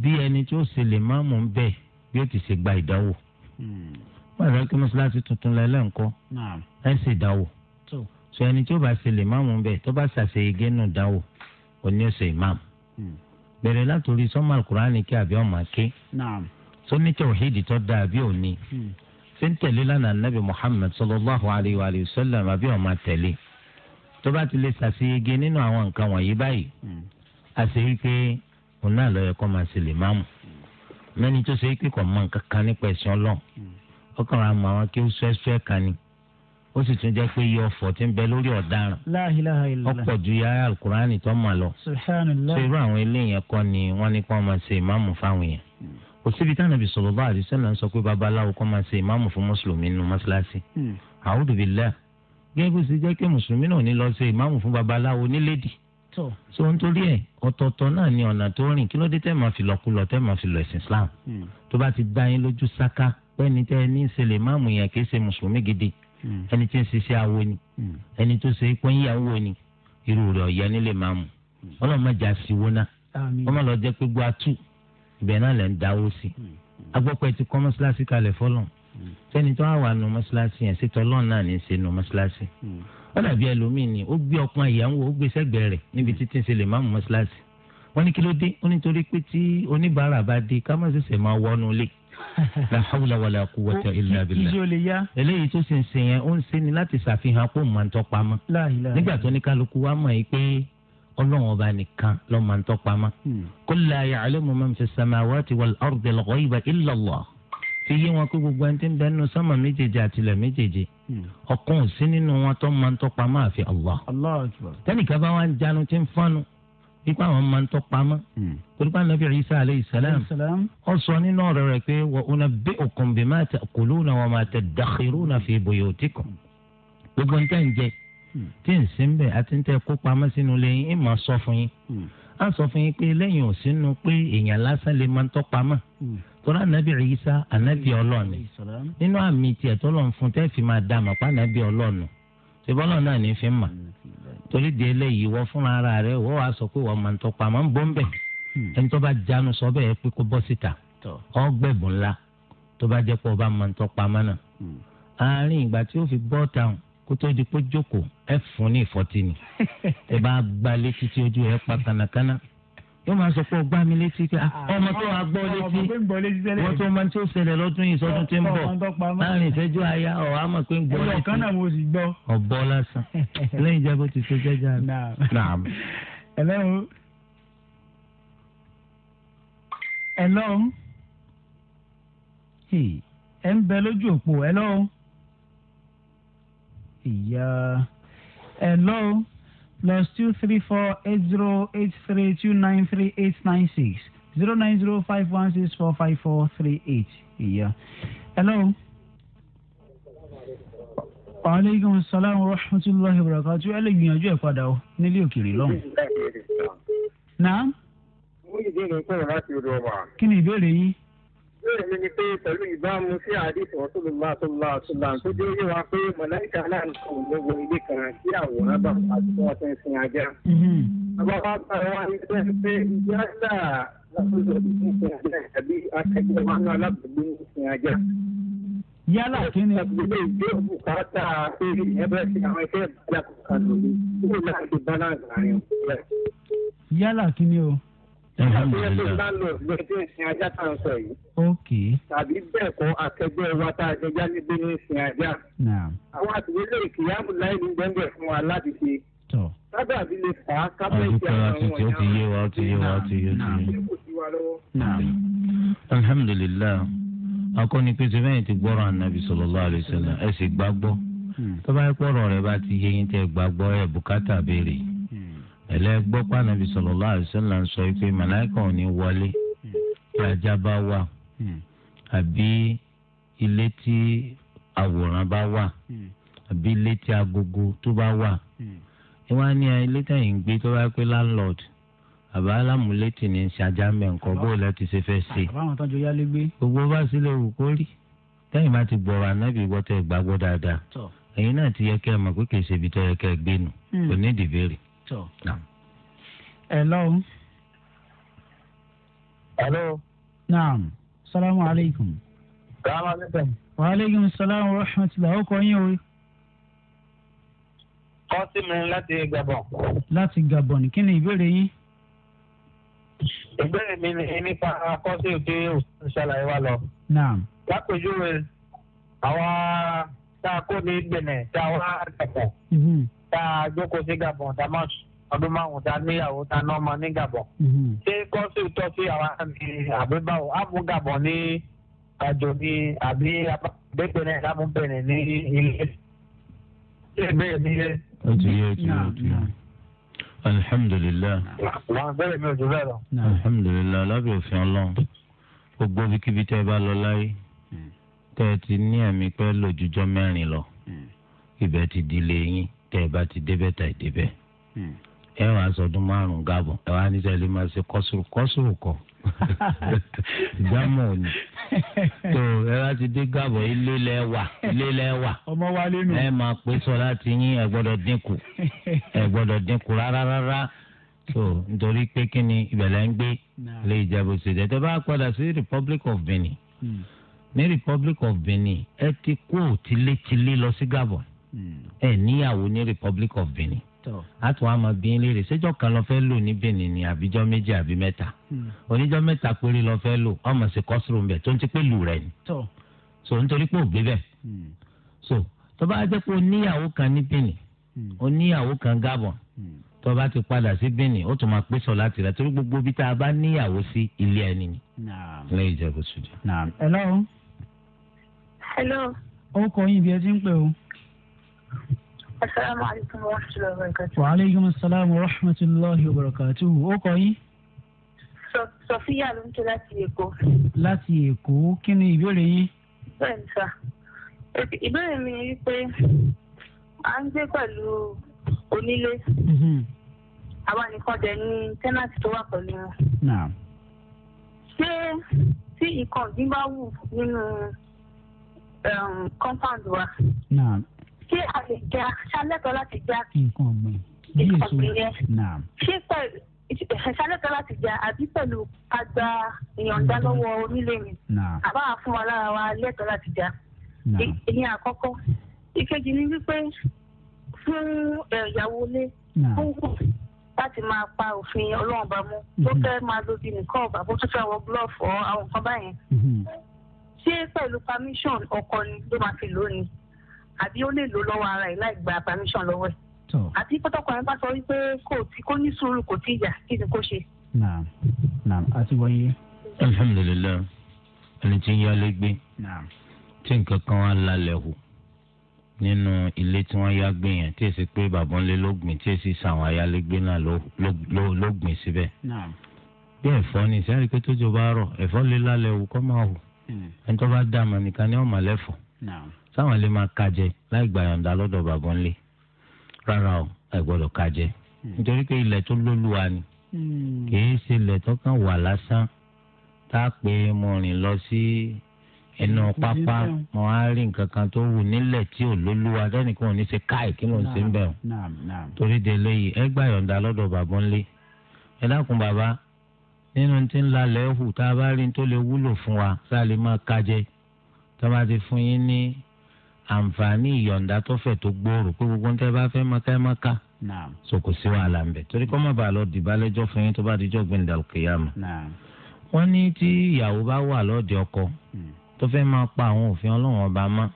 bí ẹni tí ó ṣe lè má mú bẹ́ẹ̀ bí ó ti ṣe gba ìdánwò wọ́n hmm. rẹ̀ kí mọ́sálásí tuntun lẹ́lẹ́ ńkọ́ ẹ ṣe ìdánwò sọ ẹni tí ó bá ṣe lè má mú bẹ́ẹ̀ tó bá ṣàṣeyege nù ìdánwò òní ó ìmáàmù hmm. bẹ̀rẹ̀ látòrí sọ́mọ́ alukur'ani kí àbí ọmọ ké sọ́ni tẹ̀wọ̀hídì tó dáa bí òní hmm. ṣé ń tẹ̀lé lánàá nàbì Muhammad sallallahu alayhi wa sallam àbí ọmọ tẹ̀lé tó bá ti lè ṣàṣeyege nínú àwọn nǹkan wọ̀nyí báyìí àṣeyí hmm. pé òun náà lọ́yẹ kó máa ṣe lè má mú hmm. mẹ́ni tó ṣe pé kò mọ nǹkan kan nípa ẹ̀sìn ọlọ́run ọkàn hmm. rà mọ àwọn kí ó ṣẹ́ṣẹ́ kan ni ó sì tún jẹ́ pé iye ọ̀fọ̀ ti ń bẹ lórí ọ̀daràn ọ̀pọ̀ ju yàrá alukurani tó mọ̀ lọ ṣé irú àwọn eléyìí ẹ̀kọ́ ni wọ́n ní kó máa ṣe ìmáàmù fáwọn yẹn kò síbi táwọn ẹbí sọ̀rọ̀ bá àdìsẹ́ náà sọ pé babaláwo kó máa ṣe ìmáàmù fún mùsùlùmí nínú mọ́ṣáláṣí àwùjọ bíi lẹ́ẹ̀ gẹ́gẹ́ bó ṣe jẹ́ kí mùsùlùmí náà ní lọ ṣe ìmáàmù fún babaláwo nílédìí so nítorí ẹ ọ̀tọ̀ọ̀tọ̀ náà ni ọ̀nà tó rìn kí ló dé tẹ́ máa fi lọ́kùlọ̀ tẹ́ máa fi lọ ẹ̀sìn Islam hmm. tó bá ti dá yín lójú sáká pẹ́ni tẹ́ ní ìṣẹ̀lẹ̀ máàmù yẹn kì í ṣe mùsùlùmí gidi hmm. ẹni tí ń ṣiṣẹ́ awo ni hmm. ẹni tó ṣe pé ń yàwó ni irú rẹ̀ ọ̀yẹ́ nílé máàmù ọlọ́mọ sẹ́ni tó wà nù mọ́ṣáláṣí yẹn ṣètò ọlọ́run náà ní í ṣe nù mọ́ṣáláṣí hmm. ó dàbí ẹlòmíì ni ó gbé ọkùn ìyàwó ó gbé sẹ́gbẹ̀ẹ́ rẹ̀ níbi hmm. títí ń ṣe lè má mú mọ́ṣáláṣí wọ́n ní kí ló dé ó nítorí pé tí oníbàárà bá dé ká má ṣẹ̀ṣẹ̀ máa wọnú ilé la hawla wala quwwata illa billah eléyìí tó sì tó fi yé wọn pé gbogbo ẹni tí ń bẹ nínú sánmà méjèèjì àtìlẹ̀ méjèèjì hmm. ọkàn sí nínú wọn tó máa ń tọpa máa fi Allah tẹnìkan bá wà ń jánu tí ń fọnu nípa àwọn máa ń tọpa mọ hmm. torípa nàbí Isa aleyhi salam ó sọ nínú ọ̀rọ̀ rẹ̀ pé wa unabbi'ukum bima ta'kuluna wa ma tadakhiruna fi buyutikum gbogbo ń tẹ̀ ń jẹ hmm. tí ń sìn bẹ́ẹ̀ àti ń tẹ̀ kó pamọ́ sínú lẹ́yìn ìmọ̀ sọ fún yín á sọ fún yín pé lẹ́yìn ò sínú pé èèyàn lásán lè máa ń tọ́pa mọ́ hmm. tọ́lá nàbì Ìsá ànábì ọlọ́ọ̀nù nínú àmì tiẹ̀ tọ́lọ̀ ń fún tẹ́ẹ̀fì máa dá mọ̀ pa ànábì ọlọ́ọ̀nù ṣèbọ́lọ̀ náà ní fi mà torí di eléyìí wọ́n fúnra ara rẹ̀ wọ́n wàá sọ pé wọ́n máa ń tọ́pa mọ́ ń bọ́ ń bẹ̀ hmm. ẹni tó bá jánu sọ bẹ́ẹ̀ pé kó bọ́ síta ọgbẹ̀bùn tó bá jẹ́ pé ọba kó tó di pé jókòó ẹ fún ní ìfọ́tí ni ẹ bá gba létí tí ojú ẹ pa kànàkànà yóò máa sọ pé ó gbá mi létí kí ah, ọmọ tó wàá gbọ́ létí wọ́n tó máa ń tó ṣẹlẹ̀ lọ́dún yìí sọ́dún tí ń bọ̀ láàrin ìṣẹ́jú àyà ọ̀ á mọ̀ pé ń gbọ́ létí ọ̀bọ lásán lẹ́yìn ìjẹ́ bó ti ṣe jẹ́jà rẹ̀. ẹ̀lọ́ ẹ̀lọ́ ẹ̀ ń bẹ lójú òpó ẹ̀lọ́ ìyá ẹ lọ́wọ́ plus two three four eight zero eight three two nine three eight nine six zero nine zero five one six four five four three eight ìyá ẹ lọ́wọ́. Aleykum salaam wa rahmatulahi wa barakatu. Ẹ lè gbìyànjú ẹ̀ padà o nílé òkèèrè lọ́hùn. Náà. Mo ní ìbéèrè kúrò láti odò ọba. Kí ni ìbéèrè yín? lórí mi ni pé pẹ̀lú ìbámu sí àdìsọ̀ ọ̀tọ́lùmọ́ àtọ́lùmọ́ àtọ́lùmọ́ tó dé yé wa pé mọ̀láìkà náà ń kò lówó ilé kan sí àwòrán bá àti tí wọ́n ti ń sin ajá. àbáwá bá wa ní sẹ́yìn pé yálà lásìkò ìsìn sin ajá tàbí akẹ́kọ̀ọ́ máa ń lọ alábùgbé ní sin ajá. yálà kí ni. ilé ìgbé bùkátà pé ìyẹn bẹ́ẹ̀ sí àwọn iṣẹ́ ìbálòpọ̀ kan lórí kí ni o. tàbí bẹ́ẹ̀ kọ́ akẹgbẹ́ wa tá a jẹ jáde gbé ní sin ajá. àwọn àtúwé lè láì ní gbẹ́ngbẹ́ fún wa láti ṣe. sábà bí lè fà á kábẹ́ẹ̀tì àwọn ọ̀yàn. ó ti yé akọni ti anabi ẹ sì hmm. rẹ bá ti béèrè ẹlẹgbọ́ pànàbí sallallahu alaihi wasallam sọ pé màláìkà ò ní wọlé tí ajá bá wà àbí ilé tí àwòrán bá wà àbí ilé tí agogo tó bá wà ẹ wá ní ilé tẹ̀yìn gbé tó bá pé landlord àbá alámúlétì ní ṣàjà mẹ́ǹkọ́ bó lẹ́ ti ṣe fẹ́ ṣe gbogbo bá sílẹ̀ wù kó rí tẹ́yìn bá ti gbọ́rọ̀ ànábì gbọ́ tẹ́ gbàgbọ́ dáadáa ẹ̀yin náà ti yẹ kẹ́ ẹ mọ̀ pé kì ṣe ibi tó yẹ kẹ́ ẹ gbé nù hmm. kò ní ìdìbèrè tọ. hello. hello. naam salaamu aleykum. salaamu aleykum. wa aleykum salaam wa rahmatulah ọkọ yín o. kọ́sìmù láti Gabon. láti Gabon kí ni ìbéèrè yín. ìbéèrè mi ni nípa kọ́sìmù tí òṣèlú ṣàlàyé wa lọ. naam. lápèjúwe àwa tá a kó ní gbẹ̀nẹ̀ tá a wá dàpọ̀ tá a jókòó sí Gabon tá a máa ọdún márùn tá a níyàwó tá a ná ọmọ ní Gabon mhm. ṣé kọ́sì tọ́ sí àwa ní àbíbáwò àmú Gabon ní àjò ní àbí abẹ́gbẹ̀rẹ̀ lámúbẹ̀rẹ̀ ní ilé ilé bẹ́ẹ̀ ní ilé. ó ti yé ó ti yé ó ti yé alhamdulilayi. wọn bẹ̀rẹ̀ mi ò jù bẹ́ẹ̀ lọ. alhamdulilayi lábẹ́ òfin Ọlọ́run gbogbo bíkíbi tẹ́ ẹ bá lọ láyé mm. tẹ́ ẹ ti ní ẹ̀mí pẹ́ lójújọ́ mẹ́rin lọ mm. ibẹ̀ ti di lẹ́yìn tẹ ẹ bá ti débẹ̀ tà ìdébẹ̀ ẹ wà á sọdún márùn ẹ wà á máa ṣe kọsùrù kọsùrù kọ jámọ ni tó ẹ ti dé gábọ ilé lẹwà ilé lẹwà ọmọ wa nínú ẹ máa sọ láti yín ẹ dínkù ẹ dínkù rárá rárá nítorí pé kí ni ìbẹ̀lẹ̀ ń gbé tó bá padà sí Republic of Benin hmm. ní Republic of Benin ẹ ti kó lọ ẹ níyàwó ní Republic of Benin láti wàá máa bí léèrè ṣéjọ kan lọ fẹ́ lò ní Benin ní àbíjọ méjì àbí mẹ́ta hmm. oníjọ mẹ́ta péré lọ fẹ́ lò ọmọ sí kọsùrù mbẹ tó ń ti pé lù rẹ ni so nítorí pé ò gbé bẹ hmm. so tó bá jẹ́ pé oníyàwó kan ní Benin hmm. oníyàwó kan Gabon tó bá ti padà sí Benin ó tún máa pé sọ láti rẹ torí gbogbo bí tá a bá níyàwó sí ilé ẹni ni lẹ́yìn ìjẹbù sùdì. hello. hello. ó kọ yín bí ẹ ti ń pè o. Assalamu alaikum wa rahmatullahi wa barakatuhu. Wa alaikum assalam wa rahmatullahi wa barakatuhu. Ó kọ yín. Sọfíà ló ń ké láti Èkó. Láti Èkó, kí ni ìbéèrè yín? Bẹ́ẹ̀ni sá, ìbéèrè mi ni wípé à ń gbé pẹ̀lú onílé. Mhm. Àwa nìkan dẹ̀ ni tẹ́nàtì tó wà pẹ̀lú wọn. Ṣé tí nǹkan bá wù nínú um, compound wa? kí a lè já sálẹ̀tọ̀ láti já. nǹkan ọ̀gbìn bí èso náà. ṣé pẹ̀lú ìṣàlẹ̀tọ̀ láti já àbí pẹ̀lú àgbà ìyọ̀ǹda lọ́wọ́ onílé mi. àbá fún wa lára wa lẹ́tọ̀ láti já. ìyẹn àkọ́kọ́. ìkejì ni wípé fún ìyàwó ilé fún kù láti máa pa òfin ọlọ́run bá mú tó mm-hmm. fẹ́ máa lo bí nìkan ọ̀bà bó tún fẹ́ wọ gúlọ́ọ̀fù àwọn nǹkan báyẹn mm-hmm. ṣé pẹ̀lú permission ọkọ ni ló máa fi lónìí àbí ó lè lò lọ́wọ́ ara ẹ̀ láì gba permission lọ́wọ́ ẹ̀ àti pọ́tọ́kùnrin bá sọ wípé kò tí kò ní sùúrù kò tí yà kí ni kò ṣe. naam naam àti wáyé. alhamdulilayi ẹni tí ń yálé gbé tí nǹkan kan wá lálẹ́ hù nínú ilé tí wọ́n yá gbé yẹn tí èsì pé bàbá ńlẹ ló gbìn tí èsì sàwọn ayálégbé náà ló gbìn síbẹ̀. bí ẹ̀fọ́ ni sẹ́yìn rí pé tó jọba rọ̀ ẹ̀fọ́ lé lálẹ́ hù kọ́ máa hù hmm. ẹni bá dá àmọ́ nìkan ni ọ̀mọ̀lẹ́fọ̀ sáwọn lè máa kájẹ láì gbà yọ̀ǹda lọ́dọ̀ bàbá ńlẹ̀ rárá o ẹ gbọ́dọ̀ kájẹ hmm. nítorí pé ilẹ̀ tó lólùwà ni hmm. kìí ṣe ilẹ̀ tó kàn wà lásán tá a pé mo rìn lọ sí inú hmm. pápá mo á rí nǹkan kan tó wù nílẹ̀ tí ò lólùwà dẹ́nìkan ò ní ṣe káì kí ló ń ṣe ń bẹ̀ wọn torí de lẹ́yìn ẹ gbà yọ̀ǹda lọ́dọ̀ bàbá ńlẹ̀ ẹ dákun bàbá nínú tí ń lalẹ̀ hù tá a bá rí tó lè wúlò fún wa sáà lè máa kájẹ tó bá ti fún yín ní àǹfààní ìyọ̀ǹda tó fẹ̀ tó gbòòrò pé gbogbo nǹkan bá fẹ́ maka ẹ maka so kò sí wàhálà ń bẹ̀ torí kọ́ má bàa lọ dìbà lẹ́jọ́ fún yín tó bá dijọ́ gbẹ̀ndà kìyàmù. wọ́n ní tí ìyàwó bá wà lọ́ọ̀dẹ ọkọ hmm. tó fẹ́ máa pa àwọn òfin ọlọ́wọ́n ọba mọ́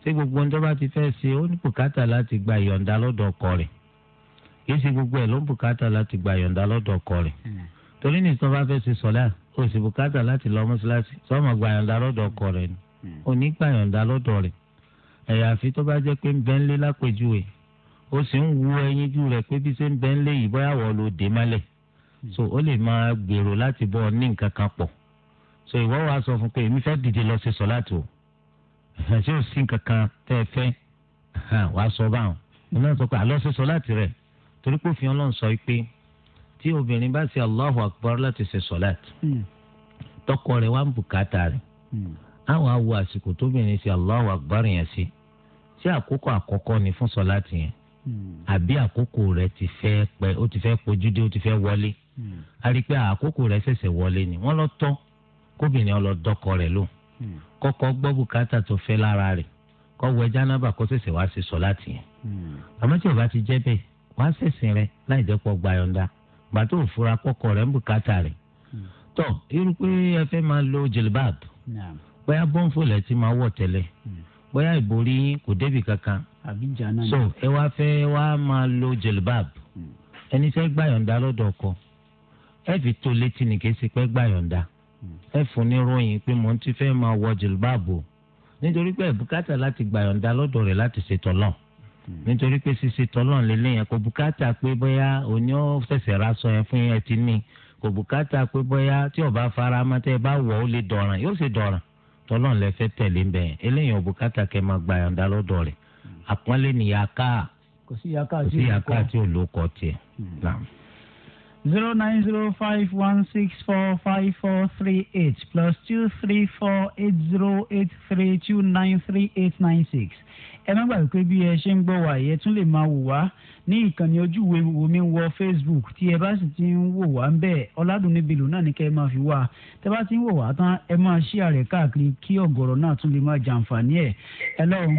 ṣé gbogbo nǹkan bá ti fẹ́ ṣe ó ní bùkátà láti gba ìyọ̀ǹda lọ́dọ̀ ọkọ rẹ̀ kì í ṣe gbogbo ẹ̀ ló ń bùkátà láti gba ìyọ̀ǹda lọ́dọ̀ ọkọ rẹ̀ hmm. torí ní ìsọ́ bá fẹ́ ṣe sọ́lá ó sì bùkátà láti lọ mọ́ṣáláṣí sọ́mọ̀ gba ìyọ̀ǹda lọ́dọ̀ ọkọ rẹ̀ ò hmm. ní gba ìyọ̀ǹda lọ́dọ̀ rẹ̀ ẹ̀yàfi tó bá jẹ́ pé ń bẹ́ ń lé lápèjúwe ó sì ń wu ẹyinjú rẹ̀ pé bí ṣe ń bẹ́ yìí bóyá wọ́n ló dé mọ́lẹ̀ hmm. so ó lè máa gbèrò láti bọ́ ọ ní nǹkan kan pọ̀ so ìwọ wa sọ fún pé èmi fẹ́ dìde lọ sí sọ́láàtì o ṣé ò sí nǹkan kan tẹ́ ẹ fẹ́ wàá sọ báwọn ìwọ náà sọ pé àlọ́ sí sọ́láàtì rẹ̀ torí pé òfin ọlọ́run sọ pé tí obìnrin bá ṣe Allahu Akbar láti ṣe sọ́láàtì hmm. tọkọ rẹ̀ wá ń bùkátà rẹ̀ àwọn hmm. awo àsìkò tóbìnrin ṣe Allahu Akbar yẹn sí ṣé àkókò àkọ́kọ́ ni fún sọláàtì yẹn hmm. àbí àkókò rẹ̀ ti fẹ́ pẹ́ ó ti fẹ́ pojú dé ó ti fẹ́ wọlé hmm. a rí i pé àkókò rẹ̀ ṣẹ̀ṣẹ̀ wọlé ni wọ́n lọ tọ́ kóbìnrin ọlọ dọ́kọ rẹ̀ lò hmm. kọ́kọ́ gbọ́ bùkátà tó fẹ́ lára rẹ̀ kọ́ wẹ jánábà kó ṣẹ̀ṣẹ̀ wá sí sọláàtì yẹn àmọ́ tí o bá ti jẹ́ bẹ́ẹ̀ wá ṣẹ̀ṣẹ̀ rẹ̀ láì jẹ́ pọ̀ gbayọ̀ǹda gbàtó òfura kọ́kọ rẹ̀ ń bùkátà rẹ̀ tọ́ irú pé ẹ fẹ́ máa lo jilbab bóyá bọ́ǹfò lẹ́ ti máa wọ̀ tẹ́lẹ̀ bóyá ìborí kò débi kankan so ẹ wá fẹ́ wá máa lo jelibab hmm. ẹni fẹ́ gbà yọ̀ǹda lọ́dọ̀ ọkọ ẹ fi tó létí ní kí ẹ sì pẹ́ gbà yọ̀ǹda hmm. ẹ fún ní ròyìn pé mò ń ti fẹ́ máa wọ jelibab o nítorí pé bùkátà láti gbà yọ̀ǹda lọ́dọ̀ rẹ̀ láti ṣètò lọ́n hmm. nítorí pé ṣíṣe tọ́lọ́n lélẹ́ yẹn kò bùkátà pé bóyá òní ó ṣẹ̀ṣẹ̀ ra sọ yẹn fún yẹn ti ní kò bùkátà pé bóyá tí ó fara mọ́ tẹ́ ẹ bá wọ̀ ó lè dọ̀ràn yóò ṣe dọ̀ràn tọ́lọ́n lẹ fẹ́ tẹ̀lé bẹ́ẹ̀ yẹn eléyìí ò bùkátà kẹ́ máa gba yàǹda lọ́dọ̀ rẹ̀ àpọ́nlé nìyà ká kò sí yàká àti olùkọ́ tiẹ̀. Hmm. zero nine zero five one six four five four three eight plus two three four eight zero eight three two nine three eight nine six ẹ má gbàgbé pé bí ẹ ṣe ń gbọ́ wá ẹ tún lè máa wò wá ní ìkànnì ojúwe omi wọ facebook tí ẹ bá sì ti ń wò wá ń bẹ́ẹ̀ ọ̀làdúnni bìlù náà ní kẹ́ ẹ máa fi wá tẹ bá ti ń wò wá tán ẹ máa ṣí àrẹ káàkiri kí ọ̀gọ̀rọ̀ náà tún lè máa jàǹfààní ẹ̀ ẹ lọ́run.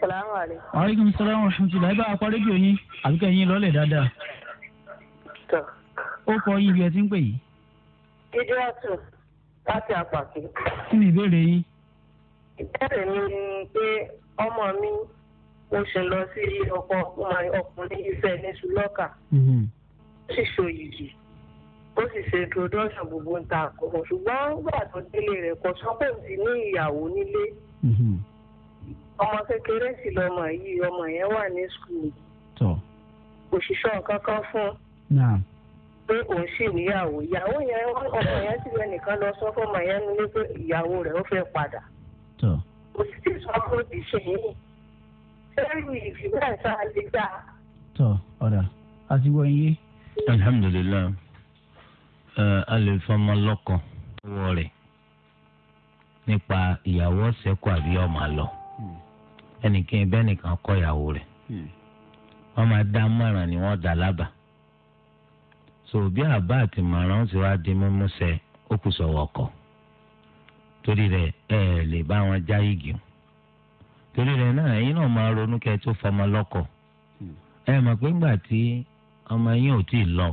salaamaleykum. aleykum salaam wa rahmatulah ibà apá rédíò yín àbíkẹ́ yín lọ́lẹ̀ dáadáa. ó kọ ibi ẹ ti ń pè yìí. jíjọ́ àtún láti àpàtì. kí ni ìbéèrè yín? ìbéèrè mi ni pé ọmọ mi mo ṣe lọ sí ọkọ ọkùnrin ìfẹ́ ní sùlọ́kà mm-hmm. ó sì ṣòyìgì ó sì ṣe introduction gbogbo ń ta àkọ́kọ́ ṣùgbọ́n nígbà tó délé rẹ kọ sọ́kò ti ní ìyàwó nílé mm-hmm. ọmọ kékeré sì lọmọ yìí ọmọ yẹn wà ní skul òṣìṣẹ́ kankan fún pé òun sì níyàwó ìyàwó yẹn ọmọ yẹn sì lẹ́nìkan lọ sọ fún ọmọ yẹn nílé pé ìyàwó rẹ ó fẹ́ ó sì ti sọ pé ó ti ṣẹ̀yìn ẹrù ìfìwé ẹ̀ta lè gbà. tọ ọ̀dà a ti wọ iye. alhamdulilayi a lè fọmọ lọ́kàn wọ rẹ̀ nípa ìyàwó ṣẹ́kù àbí ọmọ àlọ́ ẹnìkan ibẹ̀ nìkan kọ́ ìyàwó rẹ̀ wọ́n máa dá mọ̀ràn ni wọ́n dá lábàá so bí àbá àti màrán ti wá di mímú ṣẹ ó kù sọ̀wọ́ kọ́ torí rẹ̀ ẹ lè bá wọn já igi o torí rẹ náà ẹ̀yin náà máa ronú kẹ́ tó fọmọ lọ́kọ ẹ mọ̀ pé ńgbà tí ọmọ yín ò tí ì lọ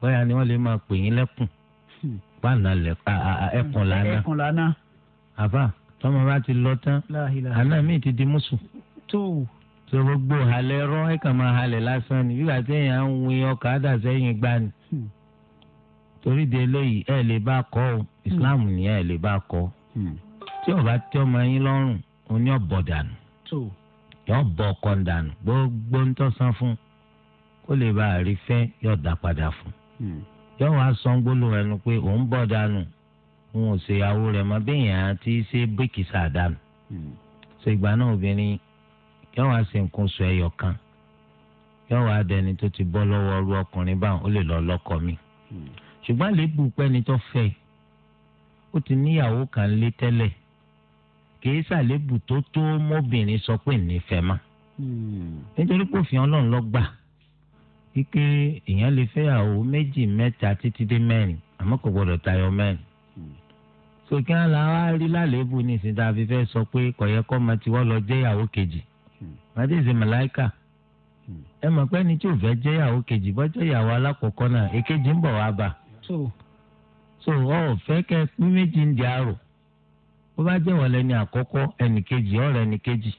bóyá ni wọ́n lè máa pè yín lẹ́kùn Pàànà ẹkùn lánàá ẹkùn lánàá àbá tọmọ bá ti lọ tán àná mi ti di mùsùn tó tó gbogbo halẹ̀ rọ ẹ kàn máa halẹ̀ lásán ni bí wàá sẹ́yìn à ń win ọkà dà sẹ́yìn gbani hmm. torí de eléyìí ẹ lè bá kọ o islam ni ẹ lè bá kọ hmm. tí ọba tí ọmọ yín lọ́rùn ó ní ọbọ dànù yóò bọ ọkọ dànù gbogbo ń tọ́sán fún kó lè bá rí fẹ́ yóò dá padà fún hmm. yóò wá sọ gbólù ẹnu pé òun bọ̀ dànù òun ò ṣèyàwó rẹ̀ mọ́ bẹ́yìn àti ṣe bíkìsà dànù ṣe hmm. ìgbà náà obìnrin yóò wá ṣe nǹkan oṣù ẹyọ kan yóò wá dẹni tó ti bọ́ lọ́wọ́ ọrú ọkùnrin báwọn ó lè lọ lọ́kọ mi ṣùgbọ́n lẹ́bù pẹ́ni tó fẹ́ ó ti níyàwó kan lé tẹ́lẹ̀ kìí ṣàlẹ́bù tó tó mọ́bìnrin sọ pé nífẹ̀ẹ́ má hmm. nítorí pé òfin ọlọ́run lọ gbà wípé èèyàn lè fẹ́yàwó méjì mẹ́ta títí dé mẹ́rin àmọ́ kò gbọ́dọ̀ tayọ mẹ́rin sókè àlà wa rí lálẹ́bù ní ìsìn tá a fi fẹ́ sọ pé kọ̀yẹ́kọ́ máa ti wọ́ lọ jẹ́yàwó kejì màdéèzè hmm. màláìkà hmm. ẹ mọ̀ pé ẹni tí ò fẹ́ jẹ́yàwó kejì bọ́jọ́ ìyàwó alákọ̀ọ́kọ́ náà èkejì ń bọ̀ wá bá a so so ọ fẹ kẹ́ pín méjì ń di àrò bó bá jẹ́ wọ́n lẹ́ni àkọ́kọ́ ẹnìkejì ọ̀rọ̀ ẹnìkejì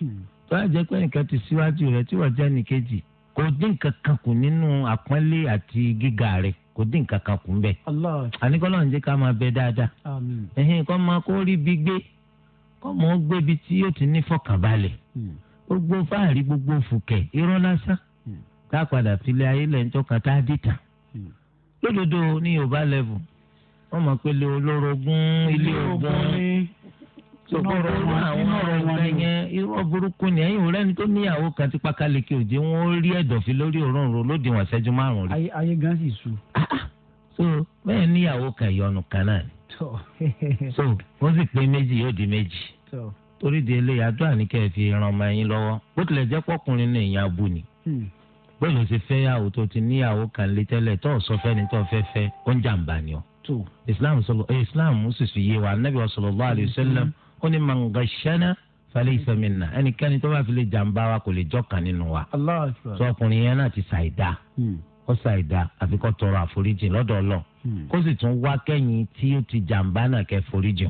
hmm. tó bá jẹ́ pé ẹnìkan ti síwájú rẹ̀ tí wọ́n jẹ́ ẹnìkejì kò dín kankan kù nínú àpọ́nlé àti gíga rẹ̀ kò dín kankan kù ń bẹ̀. àníkọ́lọ́ ń jẹ́ ká máa bẹ dáadáa ẹ̀hìn kọ́ máa kó rí bí gbé kọ́ mọ́ gbébi tí yóò ti ní fọkànbalẹ̀ hmm. gbogbo fáàrí gbogbo fùkẹ́ irọ́ lásán hmm. ká padà filẹ̀ ayé lẹ́ńtọ́ kan tá a dìtàn lódodo ní yorùbá level wọ́n mọ̀ pé olórogún ilé ogun sọgbọrọ àwọn ọ̀rọ̀ ìgbà yẹn irọ́ burúkú ni ẹ̀yin ò ni tó níyàwó kan ti pákáleke òjì wọ́n rí ẹ̀dọ̀fín lórí òróǹro lóde wọn ṣẹ́jú márùn rí. ayé gan sì su. Ah, ah. so bẹ́ẹ̀ níyàwó kan ìyọnu kan náà ni. so wọ́n sì pé méjì yóò di méjì. torí di eléyàá tó àníkẹ́ fi ran ọmọ lọ́wọ́ bó tilẹ̀ jẹ́ pọ́kùnrin ní bẹ́ẹ̀ ṣe fẹ́ yàwó tó ti níyàwó kan lé tẹ́lẹ̀ tó sọ fẹ́ ni tó fẹ́ fẹ́ ó ń jàǹbá ni ọ. islam sọlọ islam sì fi yé wa anabi sallallahu alayhi wa sallam ó ní man ghashana falaysa minna ẹnikẹ́ni tó bá fi lè jàǹbá wa kò lè jọ́kan nínú wa. sọ ọkùnrin yẹn náà ti ṣàìdá hmm. ó ṣàìdá àfi kó tọrọ àforíjì lọ́dọ̀ hmm. kó sì tún wá kẹ́yìn tí ó ti jàǹbá náà kẹ́ foríjì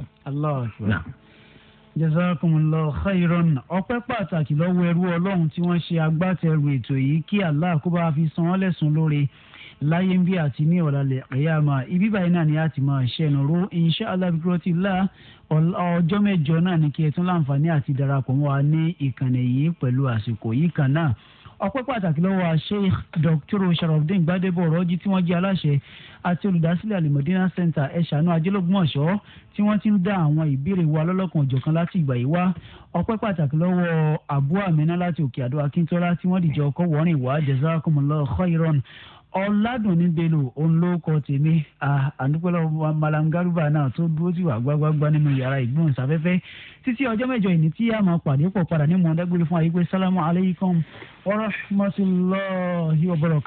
jazakumullahu khairan ọpẹ́ pàtàkì lọ́wọ́ ẹrú Ọlọ́run tí wọ́n ṣe agbátẹrù ètò yìí kí Allah kó bá fi san wọ́n lẹ́sùn lóore láyé ń bí àti ní ọ̀làlẹ̀ ẹ̀yàmà ibi báyìí náà ni a ti máa ṣẹ́nu ró insha Allah bí kúrọ́tì ọjọ́ mẹ́jọ náà ni kí ẹ tún láǹfààní àti darapọ̀ mọ́ wa ní ìkànnì yìí pẹ̀lú àsìkò yìí kan náà ọpẹ́ pàtàkì lọ́wọ́ Sheikh Dr. sharafdin gbadebo ọ̀rọ̀jì tí wọ́n jẹ́ aláṣẹ àti olùdásílẹ̀ alimọ̀dínà center ẹ̀ṣánú ajẹ́lógúnmọ̀ṣọ́ tí wọ́n ti ń dá àwọn ìbéèrè wa lọ́lọ́kan òjọ̀kan láti ìgbà yìí wá ọpẹ́ pàtàkì lọ́wọ́ abu amina láti òkè àdó akíntola tí wọ́n dìjọ ọkọ̀ wọ́rin ìwà jazakumullahu khairan ọ̀làdùnní bello òun ló kọ tèmi àdúpẹ́lọ́ malangaruba náà tó dúró sí wà gbágbágbá nínú yàrá ìgbóhùnsáfẹ́fẹ́ títí ọjọ́ mẹ́jọ ìní tí a máa pàdé pọ̀ padà ní mọ̀ọ́dẹ́gbẹ́lẹ́ fún ayé pé sálámù aleykum wa rahmatulahi wa barakatuh.